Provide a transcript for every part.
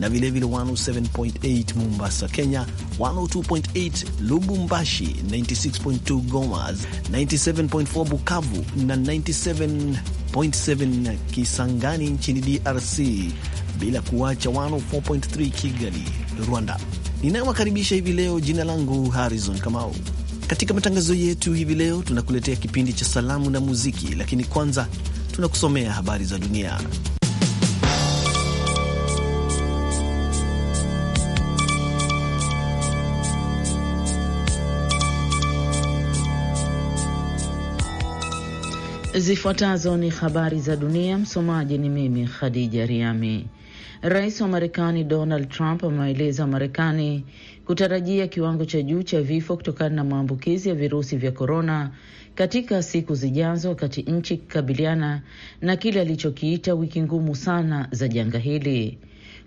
na vilevile 107.8 Mombasa, Kenya, 102.8 Lubumbashi, 96.2 Goma, 97.4 Bukavu na 97.7 Kisangani nchini DRC, bila kuacha 104.3 Kigali, Rwanda. Ninayowakaribisha hivi leo, jina langu Harrison Kamau. Katika matangazo yetu hivi leo tunakuletea kipindi cha salamu na muziki, lakini kwanza tunakusomea habari za dunia. Zifuatazo ni habari za dunia. Msomaji ni mimi Khadija Riami. Rais wa Marekani Donald Trump amewaeleza marekani kutarajia kiwango cha juu cha vifo kutokana na maambukizi ya virusi vya korona katika siku zijazo, wakati nchi ikikabiliana na kile alichokiita wiki ngumu sana za janga hili.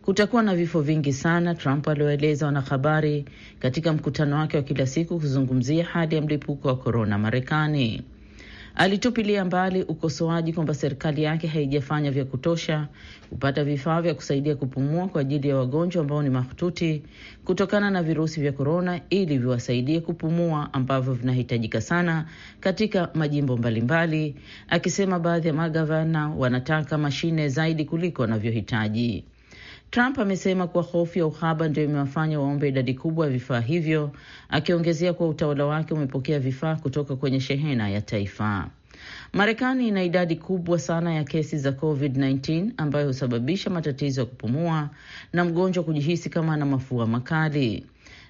Kutakuwa na vifo vingi sana, Trump aliwaeleza wanahabari katika mkutano wake wa kila siku kuzungumzia hali ya mlipuko wa korona Marekani alitupilia mbali ukosoaji kwamba serikali yake haijafanya vya kutosha kupata vifaa vya kusaidia kupumua kwa ajili ya wagonjwa ambao ni mahututi kutokana na virusi vya korona, ili viwasaidie kupumua ambavyo vinahitajika sana katika majimbo mbalimbali, akisema baadhi ya magavana wanataka mashine zaidi kuliko wanavyohitaji. Trump amesema kuwa hofu ya uhaba ndio imewafanya waombe idadi kubwa ya vifaa hivyo, akiongezea kuwa utawala wake umepokea vifaa kutoka kwenye shehena ya taifa. Marekani ina idadi kubwa sana ya kesi za COVID-19 ambayo husababisha matatizo ya kupumua na mgonjwa kujihisi kama ana mafua makali.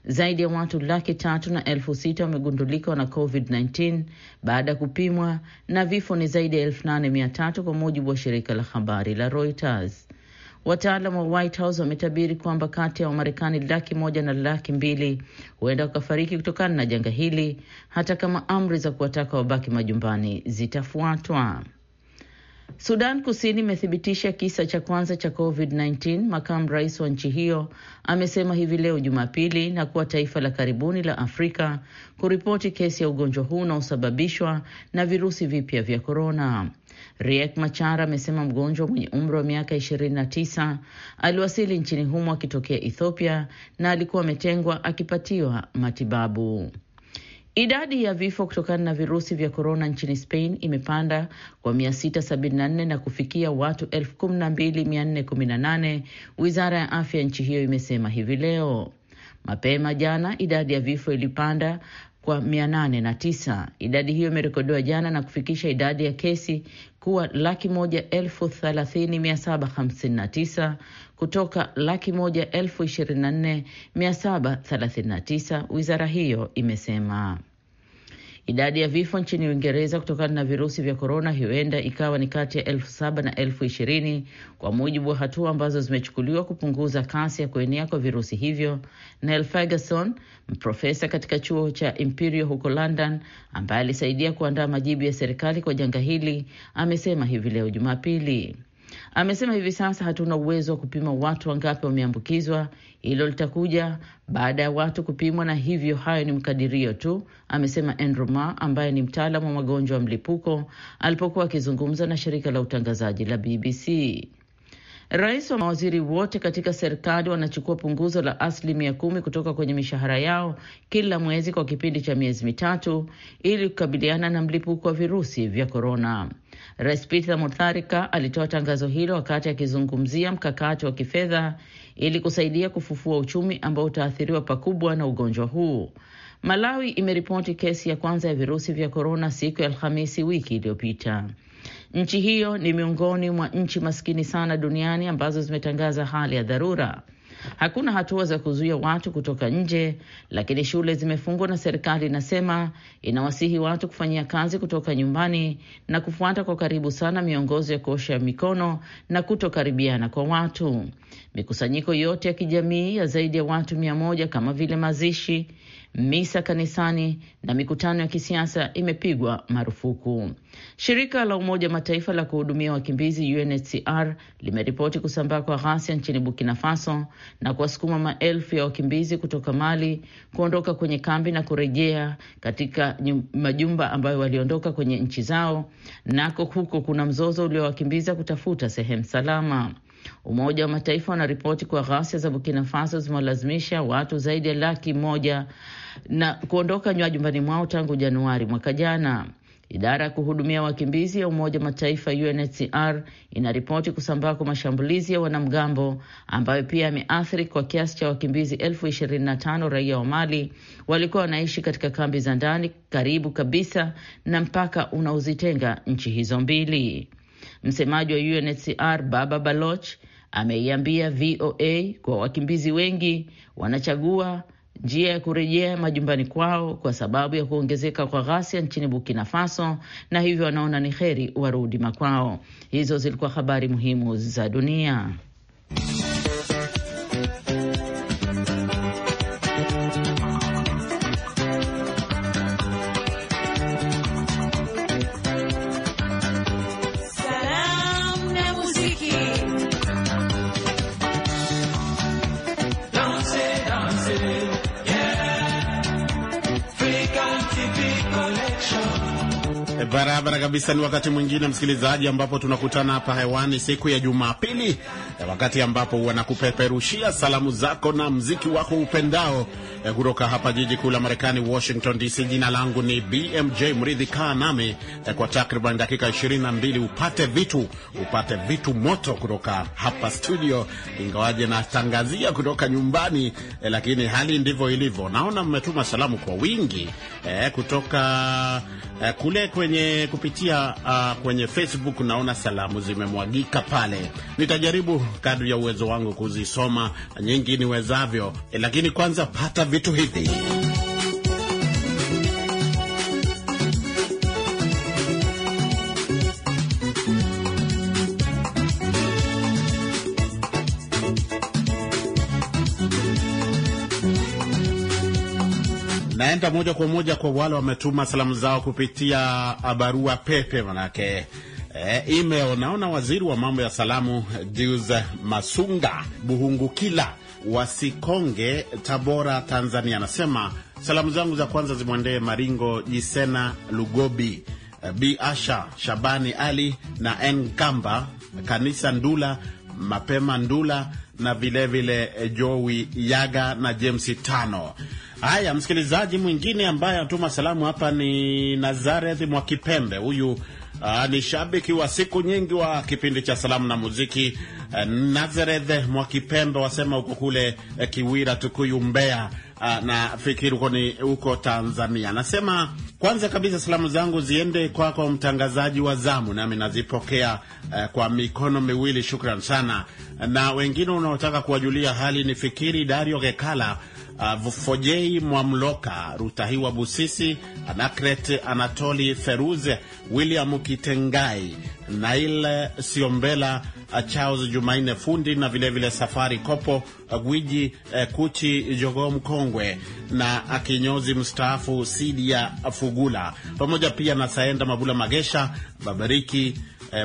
Zaidi ya watu laki tatu na elfu sita wamegundulika na COVID-19 baada ya kupimwa na vifo ni zaidi ya elfu nane mia tatu kwa mujibu wa shirika la habari la Reuters. Wataalam wa White House wametabiri kwamba kati ya Wamarekani laki moja na laki mbili huenda wakafariki kutokana na janga hili, hata kama amri za kuwataka wabaki majumbani zitafuatwa. Sudan Kusini imethibitisha kisa cha kwanza cha COVID-19, makamu rais wa nchi hiyo amesema hivi leo Jumapili, na kuwa taifa la karibuni la Afrika kuripoti kesi ya ugonjwa huu unaosababishwa na virusi vipya vya korona. Riek Machar amesema mgonjwa mwenye umri wa miaka 29 aliwasili nchini humo akitokea Ethiopia na alikuwa ametengwa akipatiwa matibabu. Idadi ya vifo kutokana na virusi vya korona nchini Spain imepanda kwa 674 na kufikia watu 12418 wizara ya afya ya nchi hiyo imesema hivi leo. Mapema jana idadi ya vifo ilipanda kwa 809. Idadi hiyo imerekodiwa jana na kufikisha idadi ya kesi kuwa laki moja elfu thalathini mia saba hamsini na tisa kutoka laki moja elfu ishirini na nne mia saba thelathini na tisa wizara hiyo imesema. Idadi ya vifo nchini Uingereza kutokana na virusi vya korona huenda ikawa ni kati ya elfu saba na elfu ishirini kwa mujibu wa hatua ambazo zimechukuliwa kupunguza kasi ya kuenea kwa virusi hivyo. nel Ferguson, mprofesa katika chuo cha Imperial huko London, ambaye alisaidia kuandaa majibu ya serikali kwa janga hili, amesema hivi leo Jumapili. Amesema hivi sasa hatuna uwezo wa kupima watu wangapi wameambukizwa, hilo litakuja baada ya watu kupimwa, na hivyo hayo ni mkadirio tu, amesema Andrew Ma ambaye ni mtaalamu wa magonjwa ya mlipuko alipokuwa akizungumza na shirika la utangazaji la BBC. Rais wa mawaziri wote katika serikali wanachukua punguzo la asilimia kumi kutoka kwenye mishahara yao kila mwezi kwa kipindi cha miezi mitatu ili kukabiliana na mlipuko wa virusi vya korona. Rais Peter Mutharika alitoa tangazo hilo wakati akizungumzia mkakati wa kifedha ili kusaidia kufufua uchumi ambao utaathiriwa pakubwa na ugonjwa huu. Malawi imeripoti kesi ya kwanza ya virusi vya korona siku ya Alhamisi wiki iliyopita. Nchi hiyo ni miongoni mwa nchi maskini sana duniani ambazo zimetangaza hali ya dharura Hakuna hatua za kuzuia watu kutoka nje, lakini shule zimefungwa na serikali inasema inawasihi watu kufanyia kazi kutoka nyumbani na kufuata kwa karibu sana miongozo ya kuosha mikono na kutokaribiana kwa watu. Mikusanyiko yote ya kijamii ya zaidi ya watu mia moja kama vile mazishi misa kanisani na mikutano ya kisiasa imepigwa marufuku. Shirika la Umoja Mataifa la kuhudumia wakimbizi UNHCR limeripoti kusambaa kwa ghasia nchini Burkina Faso na kuwasukuma maelfu ya wakimbizi kutoka Mali kuondoka kwenye kambi na kurejea katika majumba ambayo waliondoka kwenye nchi zao. Nako huko kuna mzozo uliowakimbiza kutafuta sehemu salama. Umoja wa Mataifa wanaripoti kuwa ghasia za Burkina Faso zimewalazimisha watu zaidi ya laki moja na kuondoka nyumbani mwao tangu Januari mwaka jana. Idara ya kuhudumia wakimbizi ya Umoja wa Mataifa UNHCR inaripoti kusambaa kwa mashambulizi ya wanamgambo ambayo pia yameathiri kwa kiasi cha wakimbizi elfu ishirini na tano raia wa Mali walikuwa wanaishi katika kambi za ndani karibu kabisa na mpaka unaozitenga nchi hizo mbili. Msemaji wa UNHCR Baba Baloch ameiambia VOA kwa wakimbizi wengi wanachagua njia ya kurejea majumbani kwao kwa sababu ya kuongezeka kwa ghasia nchini Burkina Faso, na hivyo wanaona ni heri warudi makwao. Hizo zilikuwa habari muhimu za dunia. Eh, barabara kabisa. Ni wakati mwingine msikilizaji, ambapo tunakutana hapa hewani siku ya Jumapili, eh, wakati ambapo wanakupeperushia salamu zako na mziki wako upendao Eh, kutoka hapa jiji kuu la Marekani, Washington DC. Jina langu ni BMJ Mridhi. Kaa nami eh, kwa takriban dakika 22 upate vitu upate vitu moto kutoka hapa studio, ingawaje natangazia kutoka nyumbani eh, lakini hali ndivyo ilivyo. Naona mmetuma salamu kwa wingi eh, kutoka eh, kule kwenye kupitia uh, kwenye Facebook. Naona salamu zimemwagika pale, nitajaribu kadri ya uwezo wangu kuzisoma nyingi niwezavyo, eh, lakini kwanza pata vitu hivi. Naenda moja kwa moja kwa wale wametuma salamu zao kupitia barua pepe manake E, email naona waziri wa mambo ya salamu Jus Masunga Buhungukila wasikonge Tabora, Tanzania, anasema salamu zangu za kwanza zimwendee Maringo Jisena Lugobi, eh, B Asha Shabani Ali na N Kamba Kanisa Ndula Mapema Ndula na vilevile vile eh, Jowi Yaga na James Tano. Haya, msikilizaji mwingine ambaye anatuma salamu hapa ni Nazareth Mwakipembe. Huyu Uh, ni shabiki wa siku nyingi wa kipindi cha salamu na muziki uh, Nazareth Mwakipembe wasema huko kule uh, Kiwira, Tukuyu, Mbeya uh, na fikiri huko ni huko Tanzania. Nasema kwanza kabisa salamu zangu ziende kwako kwa mtangazaji wa zamu, nami nazipokea uh, kwa mikono miwili, shukran sana. Na wengine unaotaka kuwajulia hali ni fikiri Dario Gekala uh, Vufojei Mwamloka, Rutahiwa Busisi, Anakret Anatoli Feruze, William Kitengai, Nail Siombela, uh, Charles Jumaine Fundi na vilevile vile Safari Kopo uh, Gwiji uh, Kuchi Jogoo Mkongwe na akinyozi mstaafu Sidia Fugula, pamoja pia na Saenda Mabula Magesha, Babariki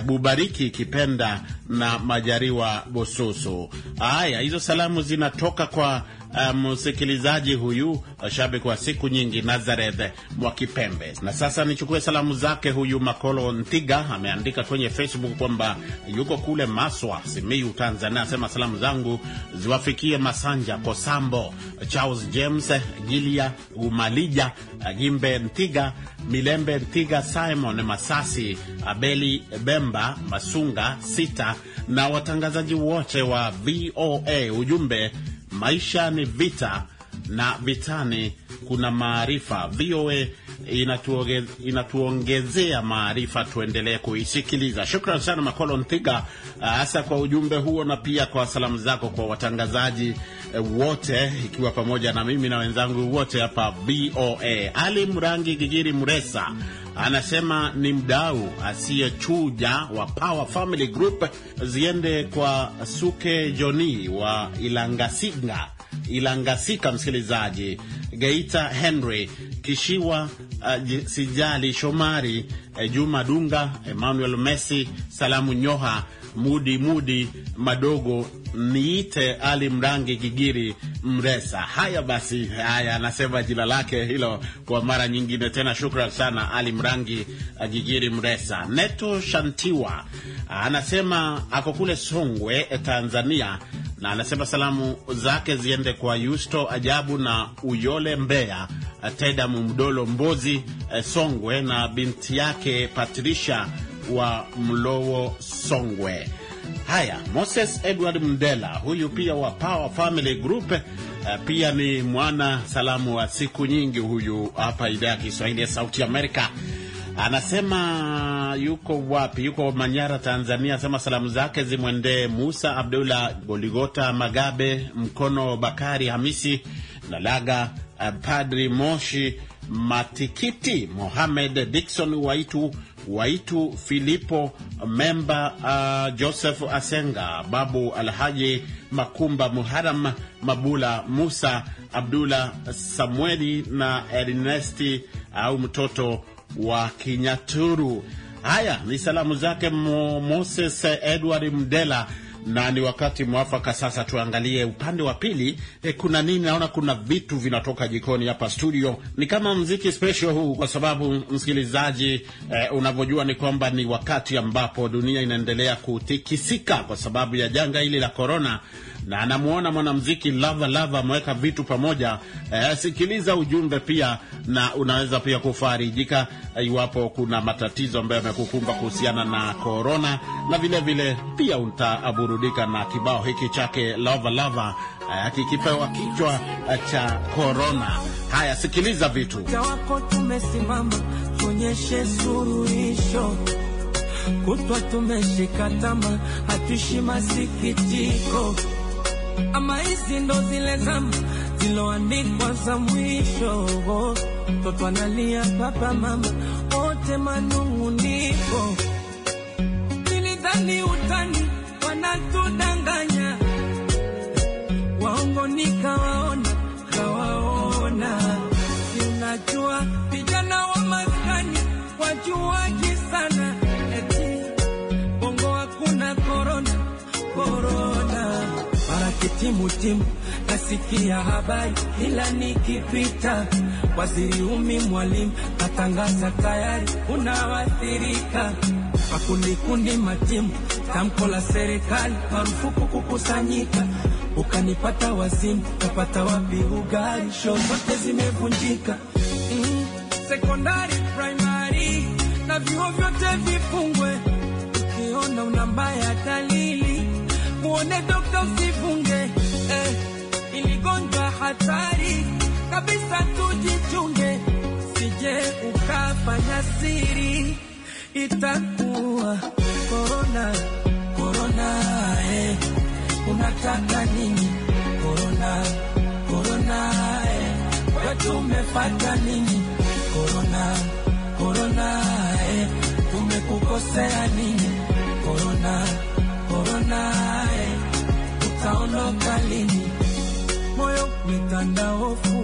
Bubariki Kipenda na Majariwa Bosusu. Haya, hizo salamu zinatoka kwa Eh, msikilizaji um, huyu eh, shabiki wa siku nyingi Nazareth Mwakipembe. Na sasa nichukue salamu zake huyu Makolo Ntiga, ameandika kwenye Facebook kwamba yuko kule Maswa, Simiyu, Tanzania. Asema salamu zangu ziwafikie Masanja Kosambo, Charles James Gilia, Umalija eh, gimbe Ntiga, Milembe Ntiga, Simon Masasi, Abeli Bemba Masunga sita na watangazaji wote wa VOA. Ujumbe Maisha ni vita na vitani kuna maarifa. VOA inatuoge, inatuongezea maarifa, tuendelee kuisikiliza. Shukran sana Makolo Ntiga, ah, hasa kwa ujumbe huo na pia kwa salamu zako kwa watangazaji eh, wote, ikiwa pamoja na mimi na wenzangu wote hapa VOA. Ali Mrangi Gigiri Mresa anasema ni mdau asiyechuja wa Power Family Group, ziende kwa Suke Joni wa Ilangasinga, Ilangasika, msikilizaji Geita, Henry Kishiwa, uh, Sijali Shomari, uh, Juma Dunga, Emmanuel Messi, Salamu Nyoha mudi mudi madogo niite Ali Mrangi Gigiri Mresa. Haya basi, haya anasema jina lake hilo kwa mara nyingine tena. Shukran sana Ali Mrangi Gigiri Mresa. Neto Shantiwa anasema ako kule Songwe, Tanzania, na anasema salamu zake ziende kwa Yusto Ajabu na Uyole Mbeya, Teda Mumdolo Mbozi, Songwe, na binti yake Patricia wa Mlowo Songwe. Haya, Moses Edward Mdela huyu pia wa Power Family Group, eh, pia ni mwana salamu wa siku nyingi huyu hapa idhaa ya Kiswahili ya Sauti Amerika. Anasema yuko wapi? Yuko Manyara, Tanzania. Anasema salamu zake zimwendee Musa Abdullah Goligota Magabe Mkono Bakari Hamisi Nalaga eh, Padri Moshi Matikiti Mohamed Dikson Waitu Waitu Filipo Memba, uh, Joseph Asenga, Babu Alhaji Makumba, Muharam Mabula, Musa Abdullah, Samueli na Ernesti au mtoto wa Kinyaturu. Haya ni salamu zake Moses Edward Mdela na ni wakati mwafaka sasa tuangalie upande wa pili. E, kuna nini? Naona kuna vitu vinatoka jikoni hapa studio, ni kama mziki special huu, kwa sababu msikilizaji, e, unavyojua ni kwamba ni wakati ambapo dunia inaendelea kutikisika kwa sababu ya janga hili la korona na anamwona mwanamziki Lava Lava ameweka vitu pamoja. Eh, sikiliza ujumbe pia, na unaweza pia kufarijika iwapo kuna matatizo ambayo yamekukumba kuhusiana na korona, na vilevile vile pia utaburudika na kibao hiki chake Lava Lava eh, kikipewa kichwa eh, cha korona. Haya, sikiliza vitu kutwa tumeshikatama, hatuishi masikitiko ama hizi ndo zile zamu ziloandikwa za mwisho, toto analia, papa mama wote manunguniko. Nilidhani utani wanatudanganya, waongo nikawaona, kawaona. Si unajua vijana wa maskani wajua timu timu, nasikia habari ila nikipita. Waziri umi mwalimu natangaza tayari unawathirika. Makundi kundi matimu, tamko la serikali, marufuku kukusanyika. Ukanipata wazimu, kapata wapi ugali? Shoo zote zimevunjika, mm, sekondari, primary na vyuo vyote vifungwe. Ukiona una mbaya dalili muone dokta, usifunge eh, iligonjwa hatari kabisa, tujichunge, sije ukafanya siri, itakuwa korona korona. Eh, unataka nini korona korona? Eh, watu umefata nini korona korona? Eh, tumekukosea nini korona moro naye utaondoka lini? Moyo umetanda hofu,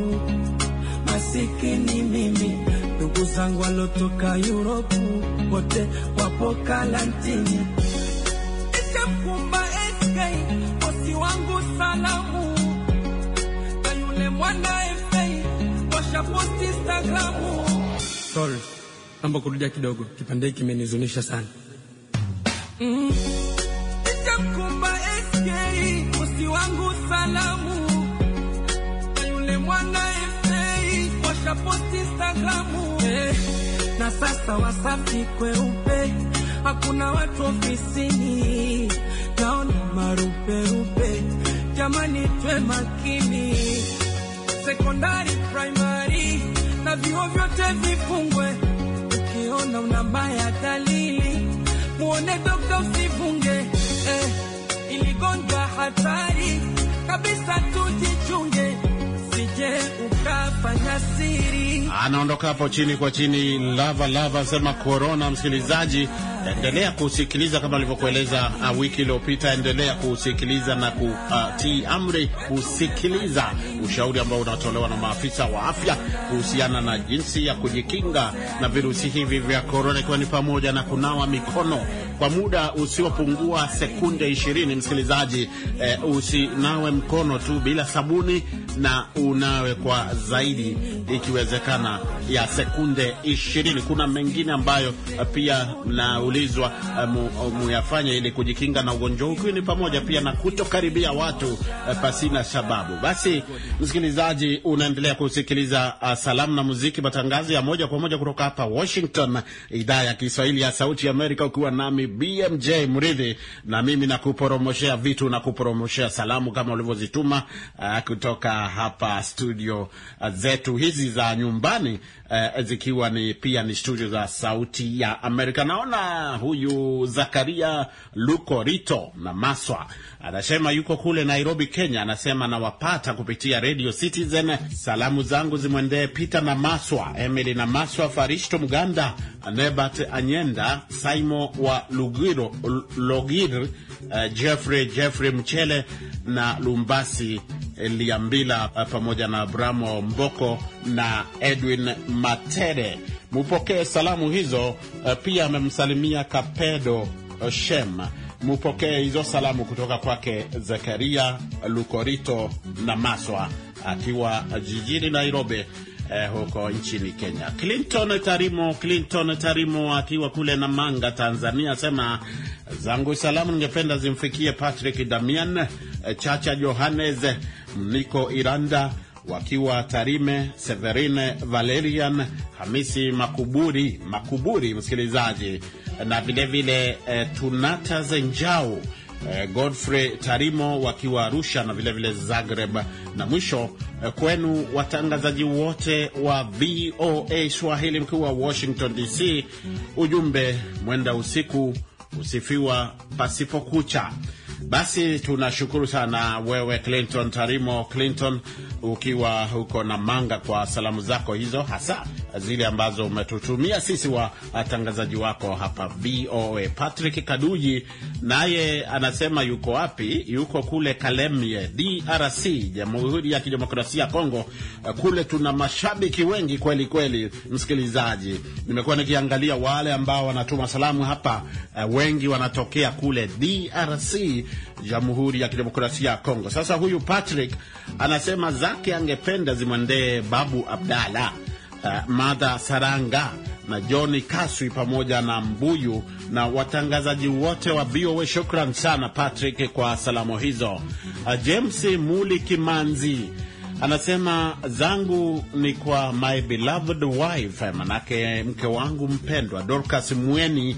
masikini mimi. Ndugu zangu walotoka Yuropu wote wapo karantini. Ishamkumba SK bosi wangu salamu na yule mwana FA washapost Instagramu. Sorry, naomba kurudia kidogo, kipande hiki kimenihuzunisha sana mm. mtaalamu yule mwana FA washaposti Instagramu eh, na sasa Wasafi kweupe, hakuna watu ofisini, naona maruperupe. Jamani, twe makini, sekondari, primary na vyuo vyote vifungwe. Ukiona una mbaya dalili, muone dokta usivunge eh, iligonga hatari kabisa tujichunge, sije ukafanya siri. Anaondoka hapo chini kwa chini, lava lava sema korona. Msikilizaji, endelea kusikiliza kama alivyokueleza ah, wiki iliyopita. Endelea kusikiliza na kutii ah, uh, amri, kusikiliza ushauri ambao unatolewa na maafisa wa afya kuhusiana na jinsi ya kujikinga na virusi hivi vya korona, ikiwa ni pamoja na kunawa mikono kwa muda usiopungua sekunde ishirini. Msikilizaji eh, usinawe mkono tu bila sabuni na unawe kwa zaidi ikiwezekana ya sekunde ishirini. Kuna mengine ambayo pia mnaulizwa eh, muyafanye ili kujikinga na ugonjwa huu, ni pamoja pia na kutokaribia watu eh, pasina sababu. Basi msikilizaji, unaendelea kusikiliza uh, salamu na muziki, matangazo ya moja kwa moja kutoka hapa Washington, idhaa ya Kiswahili ya Sauti ya Amerika, ukiwa nami BMJ Mridhi, na mimi nakuporomoshea vitu na kuporomoshea salamu kama ulivyozituma uh, kutoka hapa studio eh, zetu hizi za nyumbani uh, zikiwa ni pia ni studio za Sauti ya Amerika. Naona huyu Zakaria Luko Rito na Maswa anasema yuko kule Nairobi, Kenya, anasema nawapata kupitia Radio Citizen. Salamu zangu zimwendee Peter na Maswa, Emily na Maswa, Farishto Mganda Nebat Anyenda, saimo wa Lugiro, Logir, uh, Jeffrey Jeffrey Mchele na Lumbasi eh, Liambila eh, pamoja na Abramo Mboko na Edwin Matere. Mupokee salamu hizo. Pia amemsalimia Kapedo Shem. Mupokee hizo salamu kutoka kwake Zekaria Lukorito na Maswa akiwa jijini Nairobi eh, huko nchini Kenya. Clinton Tarimo, Clinton Tarimo akiwa kule Namanga, Tanzania, asema zangu salamu ningependa zimfikie Patrick Damian eh, Chacha, Johannes Mniko, Iranda wakiwa Tarime, Severine Valerian, Hamisi Makuburi Makuburi msikilizaji, na vilevile eh, Tunata Njau Eh, Godfrey Tarimo wakiwa Arusha na vilevile vile Zagreb. Na mwisho eh, kwenu watangazaji wote wa VOA Swahili mkiwa Washington DC, ujumbe mwenda usiku usifiwa pasipokucha. Basi tunashukuru sana wewe Clinton Tarimo Clinton, ukiwa huko na manga kwa salamu zako hizo, hasa zile ambazo umetutumia sisi watangazaji wako hapa VOA. Patrick Kaduji naye anasema yuko wapi? Yuko kule Kalemie, DRC, Jamhuri ya Kidemokrasia ya Kongo. Kule tuna mashabiki wengi kweli kweli. Msikilizaji, nimekuwa nikiangalia wale ambao wanatuma salamu hapa, wengi wanatokea kule DRC Jamhuri ya Kidemokrasia ya Kongo. Sasa huyu Patrick anasema zake angependa zimwendee Babu Abdala, uh, Martha Saranga na John Kaswi pamoja na Mbuyu na watangazaji wote wa VOA. Shukran sana Patrick kwa salamu hizo. Uh, James Muli Kimanzi Anasema zangu ni kwa my beloved wife, manake mke wangu mpendwa Dorcas Mweni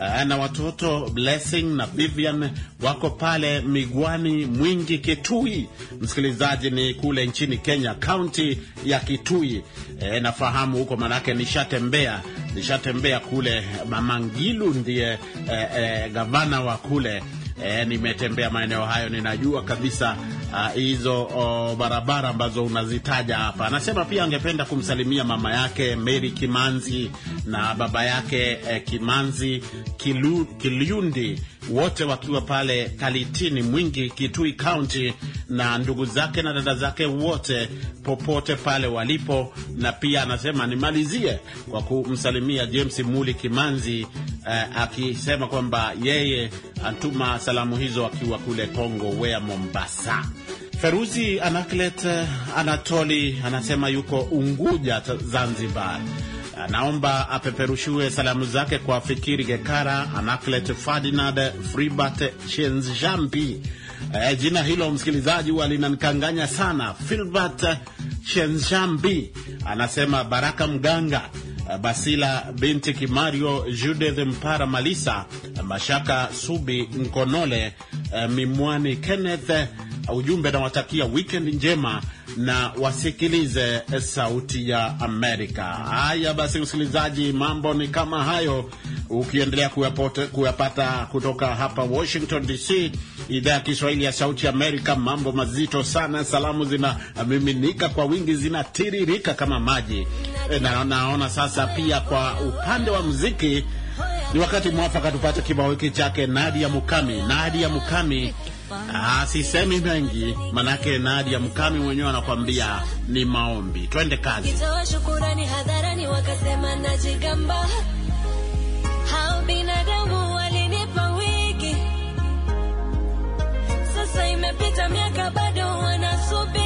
eh, na watoto Blessing na Vivian wako pale Migwani Mwingi Kitui. Msikilizaji, ni kule nchini Kenya, kaunti ya Kitui. E, nafahamu huko manake nishatembea, nishatembea kule. Mamangilu ndiye e, e, gavana wa kule e, nimetembea maeneo hayo, ninajua kabisa ah, hizo barabara ambazo unazitaja hapa. Anasema pia angependa kumsalimia mama yake Mary Kimanzi na baba yake eh, Kimanzi Kilu, Kiliundi wote wakiwa pale Kalitini Mwingi, Kitui kaunti na ndugu zake na dada zake wote popote pale walipo. Na pia anasema nimalizie kwa kumsalimia James Muli Kimanzi eh, akisema kwamba yeye antuma salamu hizo akiwa kule Kongo Wea, Mombasa. Feruzi Anaklet eh, Anatoli anasema yuko Unguja, Zanzibar anaomba apeperushiwe salamu zake kwa Fikiri Gekara, Anaclet Ferdinand, Fribert Shenzambi. Eh, jina hilo msikilizaji huwa linanikanganya sana. Filbert Chenjambi anasema Baraka Mganga, e, Basila binti Kimario, Judith Mpara Malisa, Mashaka Subi Nkonole, e, Mimwani Kenneth ujumbe nawatakia weekend njema na wasikilize Sauti ya Amerika. Haya basi, msikilizaji, mambo ni kama hayo, ukiendelea kuyapata kutoka hapa Washington DC, idhaa ya Kiswahili ya Sauti ya Amerika. Mambo mazito sana, salamu zinamiminika kwa wingi, zinatiririka kama maji e, na naona sasa pia kwa upande wa muziki ni wakati mwafaka tupate kibao hiki chake Nadia Mukami. Nadia Mukami Ah, sisemi mengi manake Nadia Mkami mwenyewe anakwambia ni maombi. Twende kazi. Nitoa shukurani hadharani, wakasema najigamba. Hao binadamu walinipa wiki, sasa imepita miaka, bado wanasubiri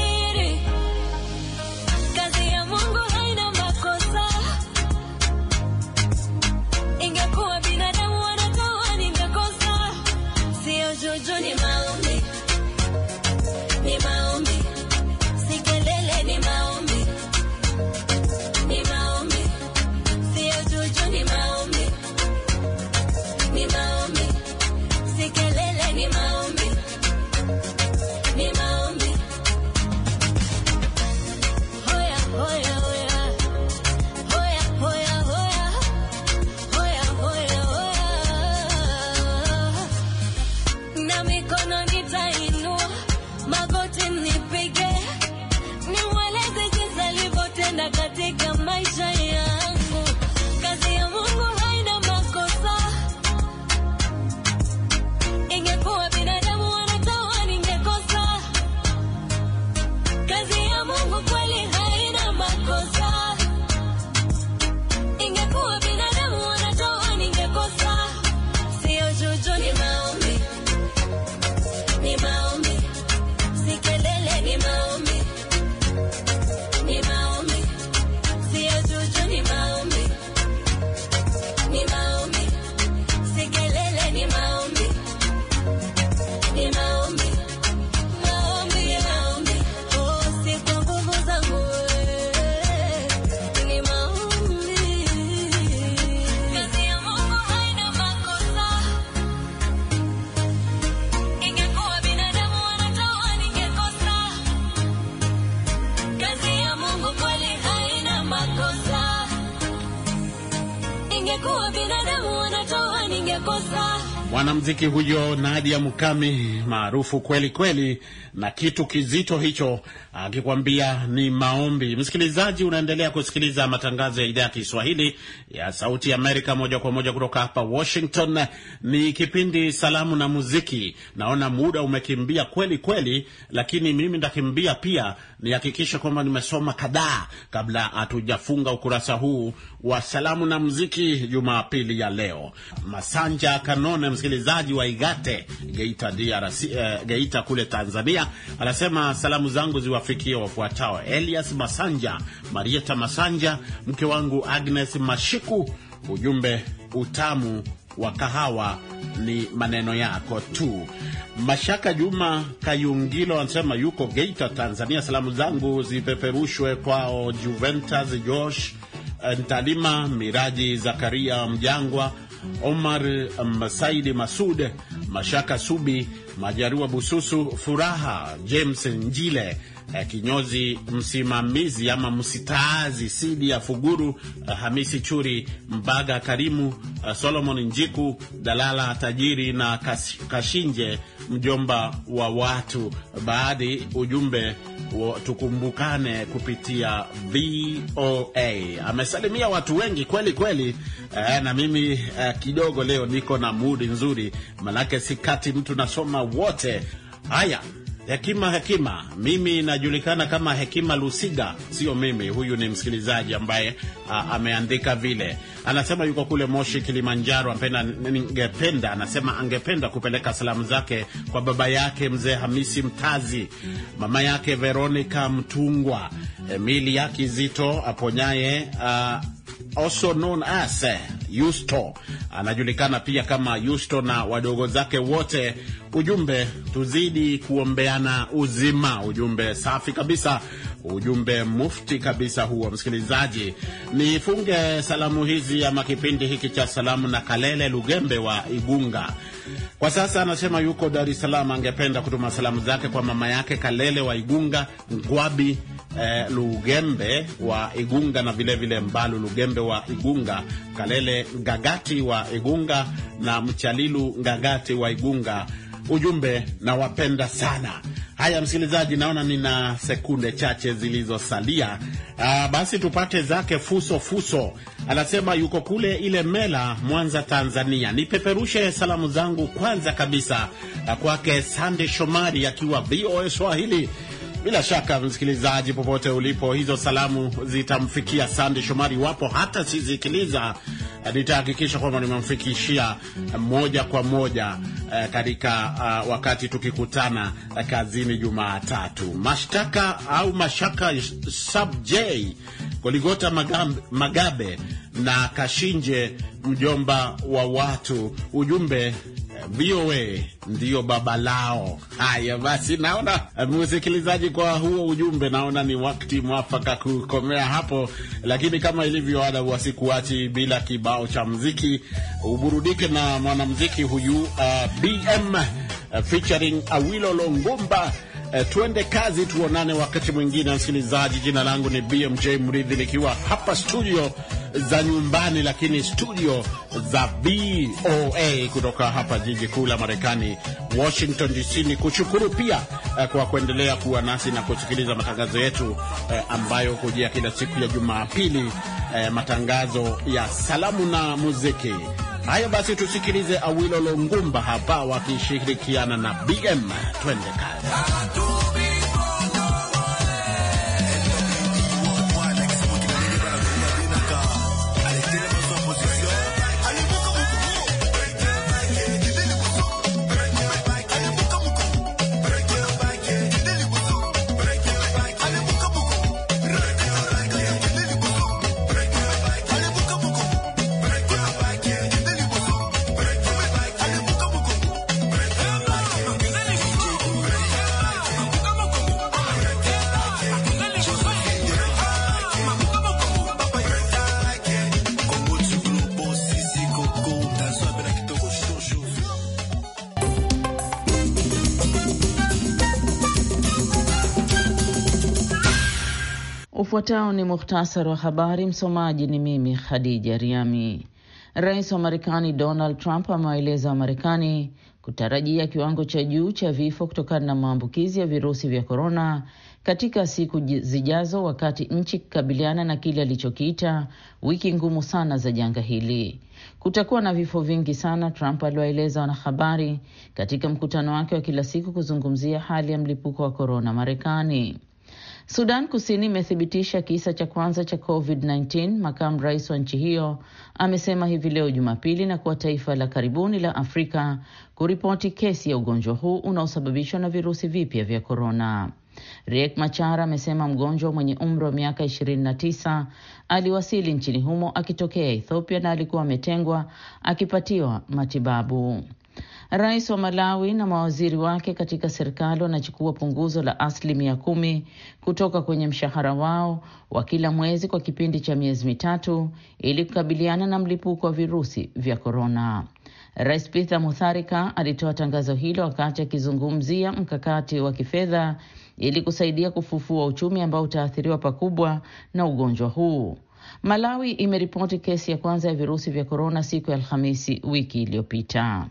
mwanamuziki huyo Nadia Mukami maarufu kweli kweli na kitu kizito hicho ah, akikwambia ni maombi. Msikilizaji, unaendelea kusikiliza matangazo ya idhaa ya Kiswahili ya Sauti ya Amerika moja kwa moja kutoka hapa Washington. Ni kipindi Salamu na Muziki. Naona muda umekimbia kweli kweli, lakini mimi ndakimbia pia nihakikishe kwamba nimesoma kadhaa kabla hatujafunga ukurasa huu wa Salamu na Muziki Jumapili ya leo. Masanja Kanone, msikilizaji wa Igate Geita, DRC, eh, Geita kule Tanzania Kenya, anasema salamu zangu ziwafikie wafuatao: Elias Masanja, Marieta Masanja, mke wangu Agnes Mashiku. Ujumbe, utamu wa kahawa ni maneno yako tu. Mashaka Juma Kayungilo anasema yuko Geita, Tanzania. Salamu zangu zipeperushwe kwao Juventus Josh eh, Ntalima, Miraji Zakaria Mjangwa, Omar Masaidi, Masud Mashaka, Subi Majarua, Bususu Furaha, James Njile eh, kinyozi msimamizi ama msitaazi Sidi ya Fuguru, eh, Hamisi Churi, Mbaga Karimu, eh, Solomon Njiku, Dalala Tajiri na Kas, Kashinje mjomba wa watu. Baadhi ujumbe wa tukumbukane kupitia VOA. Amesalimia watu wengi kweli kweli, eh, na mimi eh, kidogo leo niko na mudi nzuri, manake sikati mtu nasoma wote haya Hekima Hekima, mimi najulikana kama Hekima Lusiga, sio mimi. Huyu ni msikilizaji ambaye a, ameandika vile anasema yuko kule Moshi, Kilimanjaro. Ningependa, anasema angependa kupeleka salamu zake kwa baba yake mzee Hamisi Mtazi, mama yake Veronica Mtungwa, Emili ya Kizito aponyaye uh, also known as uh, Yusto, anajulikana pia kama Yusto na wadogo zake wote. Ujumbe, tuzidi kuombeana uzima. Ujumbe safi kabisa, ujumbe mufti kabisa huo. Msikilizaji, nifunge salamu hizi kuanzia makipindi hiki cha salamu na Kalele Lugembe wa Igunga. Kwa sasa anasema yuko Dar es Salaam, angependa kutuma salamu zake kwa mama yake Kalele wa Igunga, Ngwabi eh, Lugembe wa Igunga na vilevile vile Mbalu Lugembe wa Igunga, Kalele Ngagati wa Igunga na Mchalilu Ngagati wa Igunga ujumbe na wapenda sana. Haya msikilizaji, naona nina sekunde chache zilizosalia. Ah, basi tupate zake fuso fuso. Anasema yuko kule ile mela Mwanza, Tanzania. Nipeperushe salamu zangu kwanza kabisa kwake Sande Shomari akiwa VOA Swahili. Bila shaka msikilizaji, popote ulipo, hizo salamu zitamfikia Sande Shomari. Wapo hata sizikiliza, nitahakikisha kwamba nimemfikishia moja kwa moja Eh, katika uh, wakati tukikutana eh, kazini Jumatatu. Mashtaka au mashaka subj Goligota Magabe na Kashinje mjomba wa watu, ujumbe VOA ndiyo baba lao. Haya basi, naona msikilizaji, kwa huo ujumbe, naona ni wakati mwafaka kukomea hapo, lakini kama ilivyo ada, wasikuachi bila kibao cha mziki. Uburudike na mwanamziki huyu uh, BM uh, featuring Awilo uh, Longomba. Uh, tuende kazi, tuonane wakati mwingine msikilizaji. Jina langu ni BMJ Mridhi nikiwa hapa studio za nyumbani, lakini studio za VOA kutoka hapa jiji kuu la Marekani, Washington DC, ni kushukuru pia eh, kwa kuendelea kuwa nasi na kusikiliza matangazo yetu eh, ambayo hujia kila siku ya Jumapili, eh, matangazo ya salamu na muziki. Haya basi, tusikilize Awilo Longumba hapa wakishirikiana na BM. Twende kazi. Ufuatao ni muhtasari wa habari. Msomaji ni mimi Khadija Riami. Rais wa Marekani Donald Trump amewaeleza Wamarekani kutarajia kiwango cha juu cha vifo kutokana na maambukizi ya virusi vya korona katika siku zijazo, wakati nchi kikabiliana na kile alichokiita wiki ngumu sana za janga hili. Kutakuwa na vifo vingi sana, Trump aliwaeleza wanahabari katika mkutano wake wa kila siku kuzungumzia hali ya mlipuko wa korona Marekani. Sudan Kusini imethibitisha kisa cha kwanza cha COVID-19, makamu rais wa nchi hiyo amesema hivi leo Jumapili, na kuwa taifa la karibuni la Afrika kuripoti kesi ya ugonjwa huu unaosababishwa na virusi vipya vya korona. Riek Machar amesema mgonjwa mwenye umri wa miaka 29 aliwasili nchini humo akitokea Ethiopia na alikuwa ametengwa akipatiwa matibabu. Rais wa Malawi na mawaziri wake katika serikali wanachukua punguzo la asilimia kumi kutoka kwenye mshahara wao wa kila mwezi kwa kipindi cha miezi mitatu ili kukabiliana na mlipuko wa virusi vya korona. Rais Peter Mutharika alitoa tangazo hilo wakati akizungumzia mkakati wa kifedha ili kusaidia kufufua uchumi ambao utaathiriwa pakubwa na ugonjwa huu. Malawi imeripoti kesi ya kwanza ya virusi vya korona siku ya Alhamisi wiki iliyopita.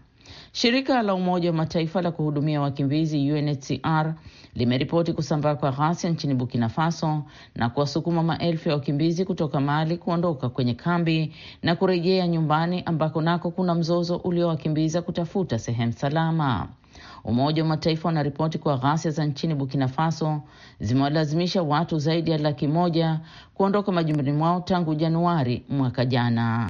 Shirika la Umoja wa Mataifa la kuhudumia wakimbizi UNHCR limeripoti kusambaa kwa ghasia nchini Burkina Faso na kuwasukuma maelfu ya wakimbizi kutoka Mali kuondoka kwenye kambi na kurejea nyumbani ambako nako kuna mzozo uliowakimbiza kutafuta sehemu salama. Umoja wa Mataifa unaripoti kuwa ghasia za nchini Burkina Faso zimewalazimisha watu zaidi ya laki moja kuondoka majumbani mwao tangu Januari mwaka jana.